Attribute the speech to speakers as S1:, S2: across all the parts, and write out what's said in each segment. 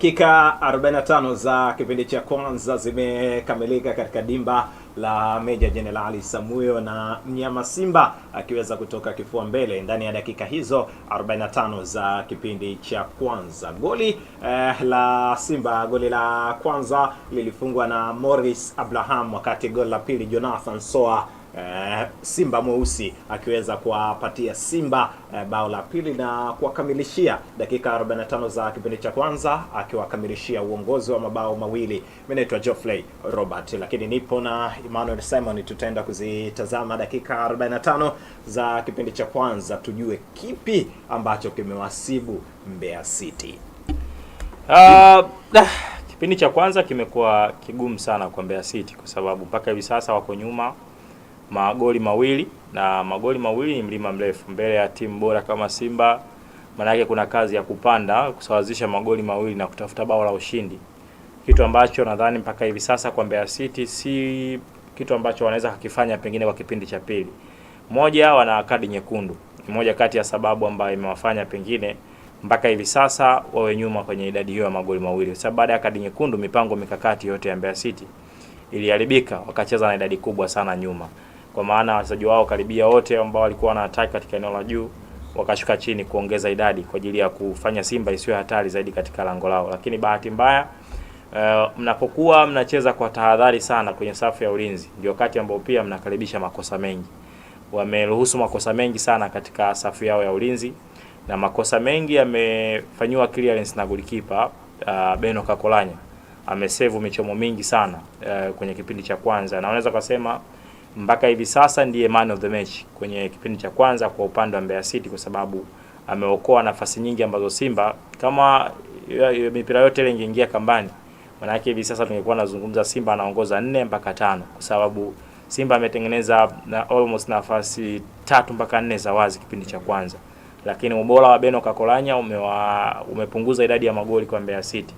S1: Dakika 45 za kipindi cha kwanza zimekamilika katika dimba la Meja Jenerali Samuyo na mnyama Simba akiweza kutoka kifua mbele ndani ya dakika hizo 45 za kipindi cha kwanza. Goli eh, la Simba, goli la kwanza lilifungwa na Morris Abraham, wakati goli la pili Jonathan Soa Eh, Simba mweusi akiweza kuwapatia Simba eh, bao la pili na kuwakamilishia dakika 45 za kipindi cha kwanza akiwakamilishia uongozi wa mabao mawili. Mimi naitwa Geoffrey Robert, lakini nipo na Emmanuel Simon, tutaenda kuzitazama dakika 45 za kipindi cha kwanza tujue kipi ambacho kimewasibu Mbeya City.
S2: Uh, kipindi cha kwanza kimekuwa kigumu sana kwa Mbeya City kwa sababu mpaka hivi sasa wako nyuma magoli mawili, na magoli mawili ni mlima mrefu mbele ya timu bora kama Simba. Maana yake kuna kazi ya kupanda, kusawazisha magoli mawili na kutafuta bao la ushindi, kitu ambacho nadhani mpaka hivi sasa kwa Mbeya City si kitu ambacho wanaweza kukifanya pengine kwa kipindi cha pili. Moja, wana kadi nyekundu, moja kati ya sababu ambayo imewafanya pengine mpaka hivi sasa wawe nyuma kwenye idadi hiyo ya magoli mawili, sababu baada ya kadi nyekundu mipango mikakati yote ya Mbeya City iliharibika, wakacheza na idadi kubwa sana nyuma kwa maana wachezaji wao karibia wote ambao walikuwa na attack katika eneo la juu wakashuka chini kuongeza idadi kwa ajili ya kufanya Simba isiwe hatari zaidi katika lango lao. Lakini bahati mbaya uh, mnapokuwa mnacheza kwa tahadhari sana kwenye safu ya ulinzi, ndio wakati ambao pia mnakaribisha makosa mengi. Wameruhusu makosa mengi sana katika safu yao ya ulinzi na makosa mengi yamefanywa clearance na golikipa uh, eh, Beno Kakolanya amesevu michomo mingi sana uh, kwenye kipindi cha kwanza na unaweza kusema mpaka hivi sasa ndiye man of the match kwenye kipindi cha kwanza kwa upande wa Mbeya City, kwa sababu ameokoa nafasi nyingi ambazo Simba kama mipira yote ile ingeingia kambani, manake hivi sasa tungekuwa nazungumza Simba anaongoza nne mpaka tano, kwa sababu Simba ametengeneza na almost nafasi tatu mpaka nne za wazi kipindi cha kwanza, lakini ubora wa Beno Kakolanya umewa, umepunguza idadi ya magoli kwa Mbeya City.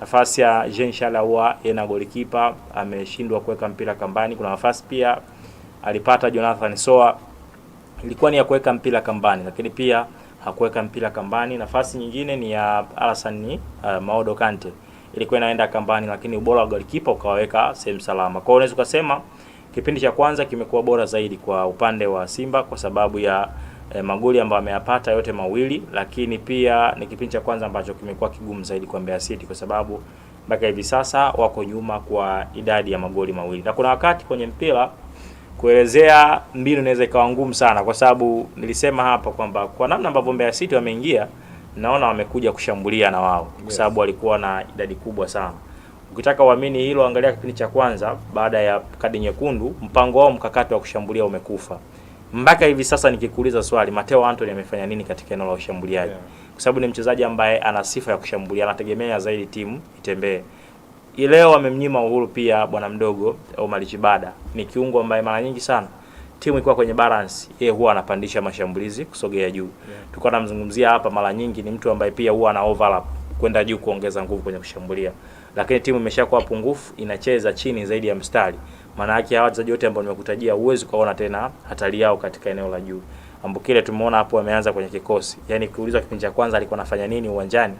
S2: Nafasi ya Jean Shalawa yena golikipa ameshindwa kuweka mpira kambani. Kuna nafasi pia alipata Jonathan Soa ilikuwa ni ya kuweka mpira kambani, lakini pia hakuweka mpira kambani. Nafasi nyingine ni ya Alasan uh, eh, Maodo Kante ilikuwa inaenda kambani, lakini ubora wa golikipa ukawaweka sehemu salama. Kwa hiyo unaweza kipindi cha kwanza kimekuwa bora zaidi kwa upande wa Simba kwa sababu ya e, magoli ambayo ameyapata yote mawili, lakini pia ni kipindi cha kwanza ambacho kimekuwa kigumu zaidi kwa Mbeya City kwa sababu mpaka hivi sasa wako nyuma kwa idadi ya magoli mawili, na kuna wakati kwenye mpira kuelezea mbinu inaweza ikawa ngumu sana, kwa sababu nilisema hapa kwamba kwa namna ambavyo Mbeya City wameingia, naona wamekuja kushambulia na wao, kwa sababu walikuwa na idadi kubwa sana. Ukitaka uamini hilo, angalia kipindi cha kwanza baada ya kadi nyekundu, mpango wao mkakati wa kushambulia umekufa mpaka hivi sasa nikikuuliza swali, Mateo Anthony amefanya nini katika eneo la ushambuliaji? Yeah. Kwa sababu ni mchezaji ambaye ana sifa ya kushambulia, anategemea zaidi timu itembee. Leo amemnyima uhuru pia bwana mdogo Omar Chibada, ni kiungo ambaye mara nyingi sana timu ikiwa kwenye balance, yeye huwa anapandisha mashambulizi kusogea juu. Yeah. Tulikuwa tunamzungumzia hapa mara nyingi, ni mtu ambaye pia huwa ana overlap kwenda juu kuongeza nguvu kwenye kushambulia, lakini timu imeshakuwa pungufu, inacheza chini zaidi ya mstari. Maana yake hawa wachezaji wote ambao nimekutajia huwezi kuona tena hatari yao katika eneo la juu. Ambukile tumeona hapo ameanza kwenye kikosi. Yaani ukiulizwa kipindi cha kwanza alikuwa anafanya nini uwanjani?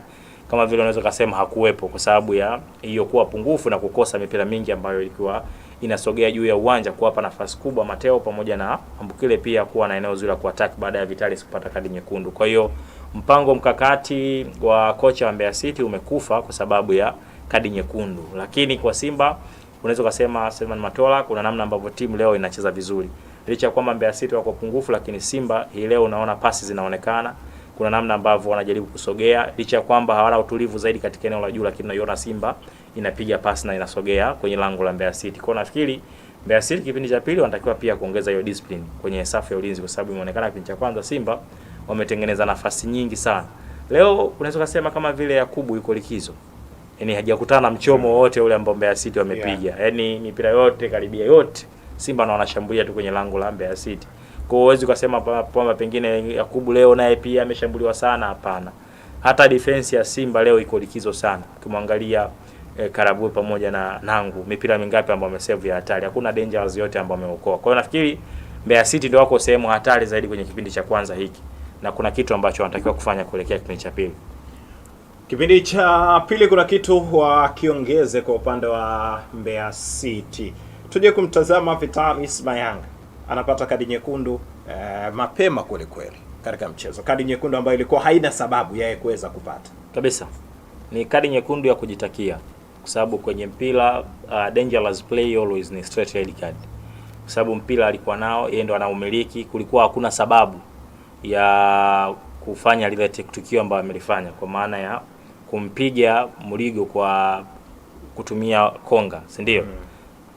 S2: Kama vile unaweza kusema hakuwepo kwa sababu ya hiyo kuwa pungufu na kukosa mipira mingi ambayo ilikuwa inasogea juu ya uwanja kuwapa nafasi kubwa Mateo pamoja na Ambukile pia kuwa na eneo zuri la kuattack baada ya Vitalis kupata kadi nyekundu. Kwa hiyo mpango mkakati wa kocha wa Mbeya City umekufa kwa sababu ya kadi nyekundu. Lakini kwa Simba unaweza ukasema Selman Matola, kuna namna ambavyo timu leo inacheza vizuri licha ya kwamba Mbeya City wako pungufu, lakini Simba hii leo unaona pasi zinaonekana, kuna namna ambavyo wanajaribu kusogea, licha ya kwamba hawana utulivu zaidi katika eneo la juu, lakini unaiona Simba inapiga pasi na inasogea kwenye lango la Mbeya City. Kwa nafikiri Mbeya City kipindi cha pili wanatakiwa pia kuongeza hiyo discipline kwenye safu ya ulinzi, kwa sababu imeonekana kipindi cha kwanza Simba wametengeneza nafasi nyingi sana. Leo unaweza kusema kama vile Yakubu yuko likizo yani hajakutana na mchomo wote ule ambao Mbeya City wamepiga yeah. Yani mipira yote karibia yote Simba na wanashambulia tu kwenye lango la Mbeya City. Kwa hiyo huwezi kusema kwamba pengine Yakubu leo naye pia ameshambuliwa sana, hapana. Hata defense ya Simba leo iko likizo sana. Ukimwangalia eh, Karabu pamoja na Nangu, mipira mingapi ambayo wamesave ya hatari, hakuna dangers yote ambayo wameokoa. Kwa hiyo nafikiri Mbeya City ndio wako sehemu hatari zaidi kwenye kipindi cha kwanza hiki, na kuna kitu ambacho wanatakiwa kufanya kuelekea kipindi cha pili.
S1: Kipindi cha pili kuna kitu wakiongeze kwa upande wa Mbeya City. Tuje kumtazama Vital Ismail anapata kadi nyekundu eh, mapema kweli kweli katika mchezo, kadi nyekundu ambayo ilikuwa haina sababu yeye kuweza kupata
S2: kabisa. Ni kadi nyekundu ya kujitakia, kwa sababu kwenye mpira uh, dangerous play always ni straight red card, kwa sababu mpira alikuwa nao yeye, ndo anaumiliki. Kulikuwa hakuna sababu ya kufanya lile tukio ambayo amelifanya kwa maana ya kumpiga Murigo kwa kutumia konga, si ndio? Mm.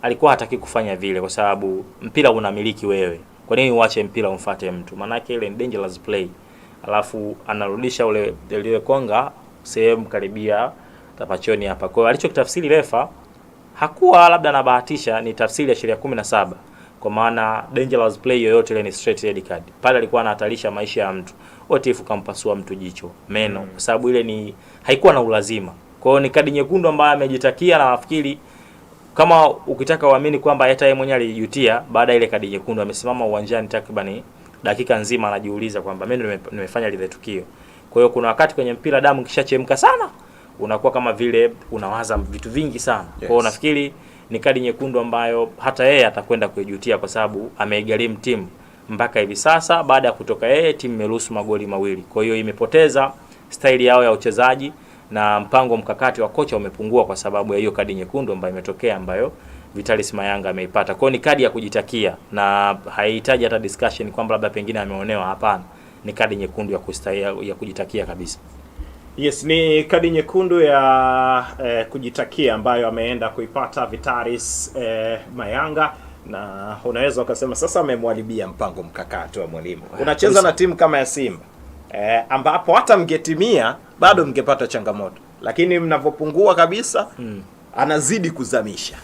S2: Alikuwa hataki kufanya vile kwa sababu mpira unamiliki wewe. Kwa nini uache mpira umfuate mtu? maana yake ile ni dangerous play. Alafu anarudisha ule ile konga sehemu karibia tapachoni hapa. Kwa hiyo alichokitafsiri refa hakuwa labda anabahatisha, ni tafsiri ya sheria kumi kwa maana dangerous play yoyote ile ni straight red card. Pale alikuwa anahatarisha maisha ya mtu. What if kampasua mtu jicho, meno, mm. kwa sababu ile ni haikuwa na ulazima. Kwa hiyo ni kadi nyekundu ambayo amejitakia, na nafikiri kama ukitaka uamini kwamba hata yeye mwenyewe alijutia baada ile kadi nyekundu, amesimama uwanjani takriban dakika nzima anajiuliza kwamba mimi nimefanya lile tukio. Kwa hiyo kuna wakati kwenye mpira damu kishachemka sana, unakuwa kama vile unawaza vitu vingi sana. Yes. Kwa hiyo nafikiri ni kadi nyekundu ambayo hata yeye atakwenda kuijutia kwa sababu ameigharimu timu mpaka hivi sasa. Baada ya kutoka yeye, timu imeruhusu magoli mawili, kwa hiyo imepoteza staili yao ya uchezaji na mpango mkakati wa kocha umepungua kwa sababu ya hiyo kadi nyekundu ambayo imetokea ambayo Vitalis Mayanga ameipata. Kwa hiyo ni kadi ya kujitakia na haihitaji hata discussion kwamba labda pengine ameonewa. Hapana, ni kadi nyekundu ya kustahili ya kujitakia kabisa.
S1: Yes, ni kadi nyekundu ya eh, kujitakia ambayo ameenda kuipata Vitaris eh, Mayanga na unaweza ukasema sasa amemwalibia mpango mkakati wa mwalimu. Ah, Unacheza na timu kama ya Simba eh, ambapo hata mgetimia bado mgepata changamoto, lakini mnavyopungua kabisa hmm, anazidi kuzamisha.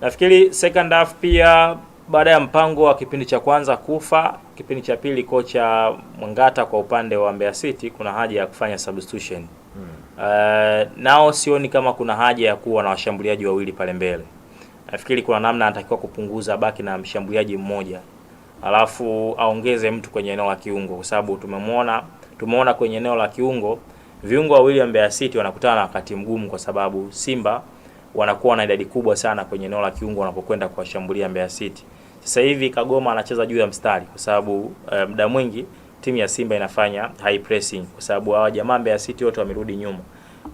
S2: Nafikiri second half pia baada ya mpango wa kipindi cha kwanza kufa, kipindi cha pili kocha Mwangata kwa upande wa Mbeya City kuna haja ya kufanya substitution hmm. Uh, nao sioni kama kuna haja ya kuwa na washambuliaji wawili pale mbele. Nafikiri kuna namna anatakiwa kupunguza, baki na mshambuliaji mmoja alafu aongeze mtu kwenye eneo la kiungo, kwa sababu tumemwona tumeona kwenye eneo la kiungo viungo wawili wa Mbeya City wanakutana na wakati mgumu, kwa sababu Simba wanakuwa na idadi kubwa sana kwenye eneo la kiungo wanapokwenda kuwashambulia Mbeya City. Sasa hivi Kagoma anacheza juu ya mstari kwa sababu e, muda mwingi timu ya Simba inafanya high pressing kwa sababu hawa jamaa Mbeya City wote wamerudi nyuma.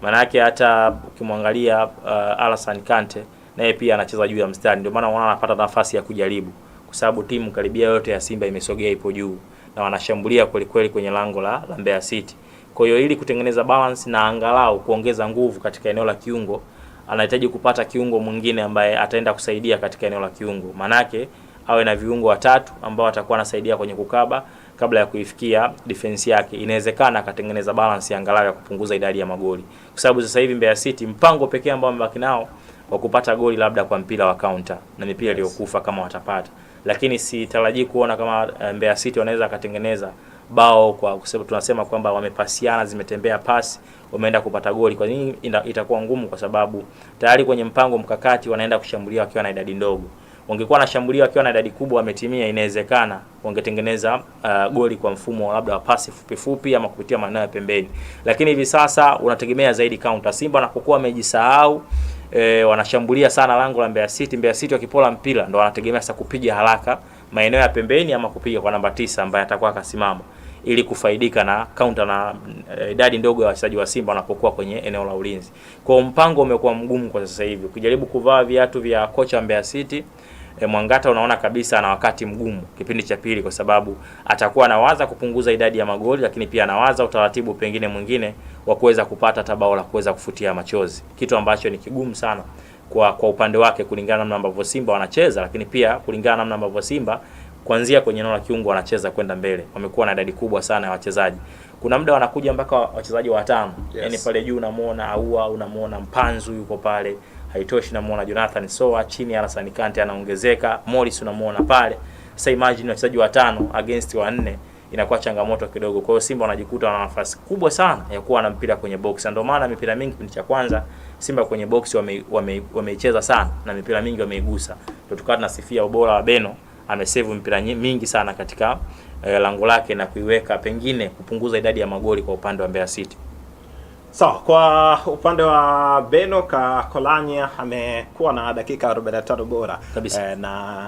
S2: Maanake hata ukimwangalia uh, eh, Alasan Kante naye pia anacheza juu ya mstari, ndio maana unaona anapata nafasi ya kujaribu kwa sababu timu karibia yote ya Simba imesogea, ipo juu na wanashambulia kweli kweli kwenye lango la Mbeya City. Kwa hiyo ili kutengeneza balance na angalau kuongeza nguvu katika eneo la kiungo, anahitaji kupata kiungo mwingine ambaye ataenda kusaidia katika eneo la kiungo maanake awe na viungo watatu ambao watakuwa anasaidia kwenye kukaba kabla ya kuifikia defense yake. Inawezekana akatengeneza balance angalau ya kupunguza idadi ya magoli, kwa sababu sasa hivi Mbeya City mpango pekee ambao wamebaki nao wa kupata goli labda kwa mpira wa counter na mipira iliyokufa yes, kama watapata, lakini sitarajii kuona kama eh, Mbeya City wanaweza akatengeneza bao kwa kusema, tunasema kwamba wamepasiana, zimetembea pasi, wameenda kupata goli. Kwa nini itakuwa ngumu? Kwa sababu tayari kwenye mpango mkakati wanaenda kushambulia wakiwa na idadi ndogo wangekuwa wanashambulia wakiwa na idadi kubwa, wametimia, inawezekana wangetengeneza uh, goli kwa mfumo labda wa pasi fupi fupi ama kupitia maeneo ya pembeni, lakini hivi sasa unategemea zaidi counter. Simba wanapokuwa amejisahau e, eh, wanashambulia sana lango la Mbeya City. Mbeya City wakipola mpira ndo wanategemea sasa kupiga haraka maeneo ya pembeni ama kupiga kwa namba tisa ambaye atakuwa akasimama ili kufaidika na kaunta na eh, idadi e, ndogo ya wachezaji wa Simba wanapokuwa kwenye eneo la ulinzi. Kwa mpango umekuwa mgumu kwa sasa hivi, ukijaribu kuvaa viatu vya kocha Mbeya City e, Mwangata unaona kabisa ana wakati mgumu kipindi cha pili, kwa sababu atakuwa anawaza kupunguza idadi ya magoli, lakini pia anawaza utaratibu pengine mwingine wa kuweza kupata tabao la kuweza kufutia machozi, kitu ambacho ni kigumu sana kwa kwa upande wake kulingana namna ambavyo Simba wanacheza, lakini pia kulingana namna ambavyo Simba kuanzia kwenye eneo la kiungo wanacheza kwenda mbele, wamekuwa na idadi kubwa sana ya wachezaji. Kuna muda wanakuja mpaka wachezaji watano, yes. Yani pale juu unamuona Aua, unamuona Mpanzu yuko pale haitoshi, namuona Jonathan Soa chini, Alassane Kante anaongezeka, Morris unamuona pale. Sasa imagine wachezaji watano against wanne inakuwa changamoto kidogo. Kwa hiyo Simba wanajikuta na nafasi kubwa sana ya kuwa na mpira kwenye box. Ndio maana mipira mingi kipindi cha kwanza Simba kwenye box wameicheza wame, wame sana na mipira mingi wameigusa. Ndio tukawa tunasifia ubora wa Beno, amesave mpira mingi sana katika eh, lango lake na kuiweka pengine kupunguza idadi ya magoli kwa upande wa Mbeya City.
S1: Sawa, so, kwa upande wa Beno Kakolanya amekuwa na dakika 45 bora kabisa. E, na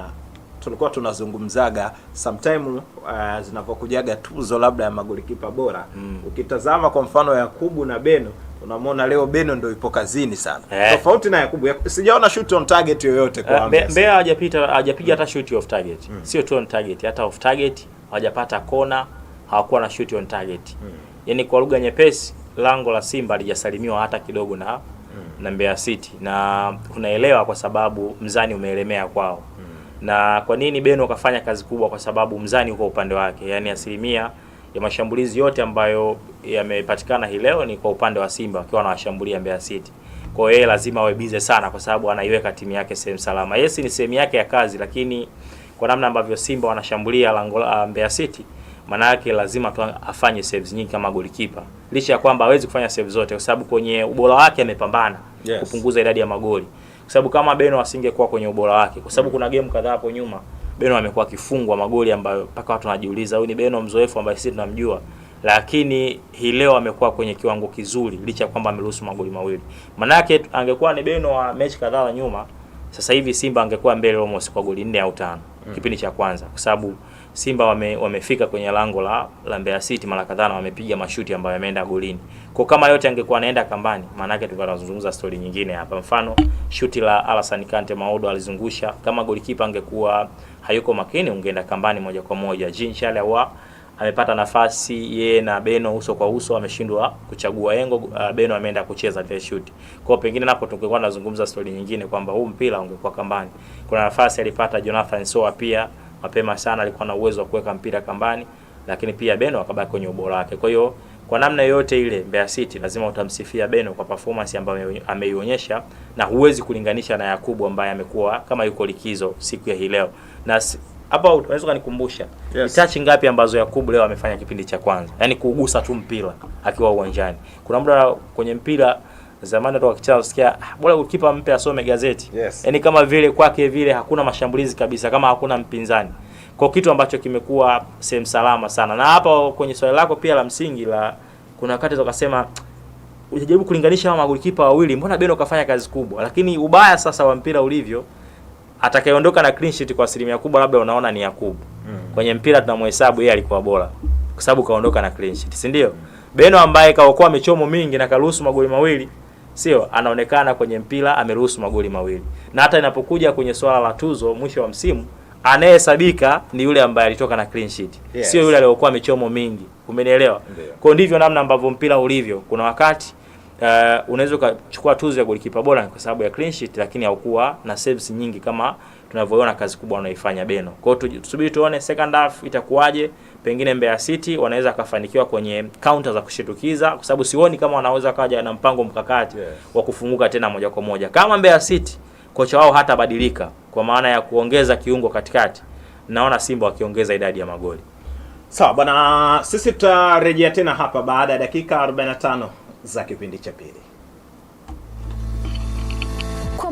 S1: tulikuwa tunazungumzaga sometime uh, eh, zinapokujaga tuzo labda ya magolikipa bora mm. Ukitazama kwa mfano Yakubu na Beno unamwona leo Beno ndio ipo kazini sana eh. Tofauti na Yakubu, ya, sijaona shoot on target yoyote kwa uh, eh,
S2: Mbea hajapita hajapiga hata mm. shoot off target mm. Sio tu on target, hata off target hawajapata kona, hawakuwa na shoot on target mm. yani kwa lugha nyepesi lango la Simba halijasalimiwa hata kidogo na mm. na Mbeya City, na unaelewa kwa sababu mzani umeelemea kwao mm. na kwa nini Beno kafanya kazi kubwa, kwa sababu mzani uko upande wake, yani asilimia ya mashambulizi yote ambayo yamepatikana hii leo ni kwa upande wa Simba wakiwa wanawashambulia Mbeya City. Kwa hiyo yeye lazima awe bize sana, kwa sababu anaiweka timu yake sehemu salama. Yes, ni sehemu yake ya kazi, lakini kwa namna ambavyo Simba wanashambulia lango la uh, Mbeya City maana yake lazima tu afanye saves nyingi kama golikipa, licha ya kwamba hawezi kufanya saves zote, kwa sababu kwenye ubora wake amepambana yes, kupunguza idadi ya magoli, kwa sababu kama Beno asingekuwa kwenye ubora wake, kwa sababu mm, kuna game kadhaa hapo nyuma Beno amekuwa akifungwa magoli ambayo mpaka watu wanajiuliza huyu ni Beno mzoefu ambaye sisi tunamjua, lakini hii leo amekuwa kwenye kiwango kizuri, licha ya kwamba ameruhusu magoli mawili. Maana yake angekuwa ni Beno wa mechi kadhaa nyuma, sasa hivi Simba angekuwa mbele almost kwa goli nne au tano mm. kipindi cha kwanza kwa sababu Simba wame, wamefika kwenye lango la, la Mbeya City mara kadhaa na wamepiga mashuti ambayo yameenda golini. Kwa kama yote angekuwa anaenda kambani, maana yake tulikuwa tunazungumza story nyingine hapa. Mfano, shuti la alasani Kante Maudo alizungusha, kama golikipa angekuwa hayuko makini ungeenda kambani moja kwa moja. Jean wa amepata nafasi yeye na Beno uso kwa uso, ameshindwa kuchagua engo. Uh, Beno ameenda kucheza ile shoot. Kwa pengine napo tungekuwa tunazungumza story nyingine kwamba huu mpira ungekuwa kambani. Kuna nafasi alipata Jonathan Soa pia mapema sana, alikuwa na uwezo wa kuweka mpira kambani, lakini pia Beno akabaki kwenye ubora wake. Kwa hiyo kwa namna yoyote ile Mbeya City lazima utamsifia Beno kwa performance ambayo ameionyesha, na huwezi kulinganisha na Yakubu ambaye amekuwa kama yuko likizo siku ya hii leo na hapa unaweza kunikumbusha yes. Ni tachi ngapi ambazo Yakubu leo amefanya kipindi cha kwanza, yaani kuugusa tu mpira akiwa uwanjani? Kuna muda kwenye mpira zamani watu wakicheza usikia ah, bora ukipa mpe asome gazeti yes. Yaani kama vile kwake vile hakuna mashambulizi kabisa, kama hakuna mpinzani, kwa kitu ambacho kimekuwa sehemu salama sana. Na hapa kwenye swali lako pia la msingi la kuna wakati tukasema ujajaribu kulinganisha hawa magolikipa wawili, mbona Beno kafanya kazi kubwa, lakini ubaya sasa wa mpira ulivyo atakayeondoka na clean sheet kwa asilimia kubwa labda unaona ni Yakubu. Mm. Kwenye mpira tunamhesabu yeye alikuwa bora kwa sababu kaondoka na clean sheet, si ndio? Mm. Beno ambaye kaokoa michomo mingi na karuhusu magoli mawili, sio anaonekana kwenye mpira ameruhusu magoli mawili. Na hata inapokuja kwenye swala la tuzo mwisho wa msimu anayehesabika ni yule ambaye alitoka na clean sheet. Yes. Sio yule aliyokuwa michomo mingi. Umenielewa? Kwa ndivyo namna ambavyo mpira ulivyo. Kuna wakati uh, unaweza ukachukua tuzo ya golikipa bora kwa sababu ya clean sheet, lakini haukuwa na saves nyingi kama tunavyoona kazi kubwa wanaifanya Beno. Kwa hiyo tusubiri tuone second half itakuwaje, pengine Mbeya City wanaweza kafanikiwa kwenye counter za kushitukiza, kwa sababu sioni kama wanaweza kaja na mpango mkakati yes, wa kufunguka tena moja kwa moja kama Mbeya City kocha wao hatabadilika kwa maana ya kuongeza kiungo katikati, naona Simba wakiongeza idadi ya magoli.
S1: Sawa bwana, sisi tutarejea tena hapa baada ya dakika 45 za kipindi cha pili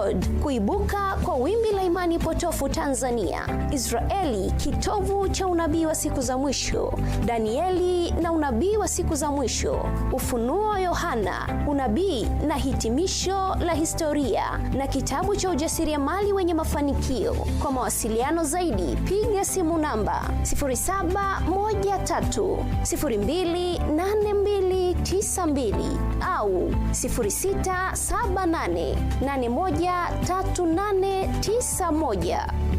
S1: Road, kuibuka kwa wimbi la imani potofu Tanzania, Israeli kitovu cha unabii wa siku za mwisho, Danieli na unabii wa siku za mwisho, Ufunuo Yohana, unabii na hitimisho la historia, na kitabu cha ujasiriamali wenye mafanikio. Kwa mawasiliano zaidi, piga simu namba 0713028292 au 0678813891.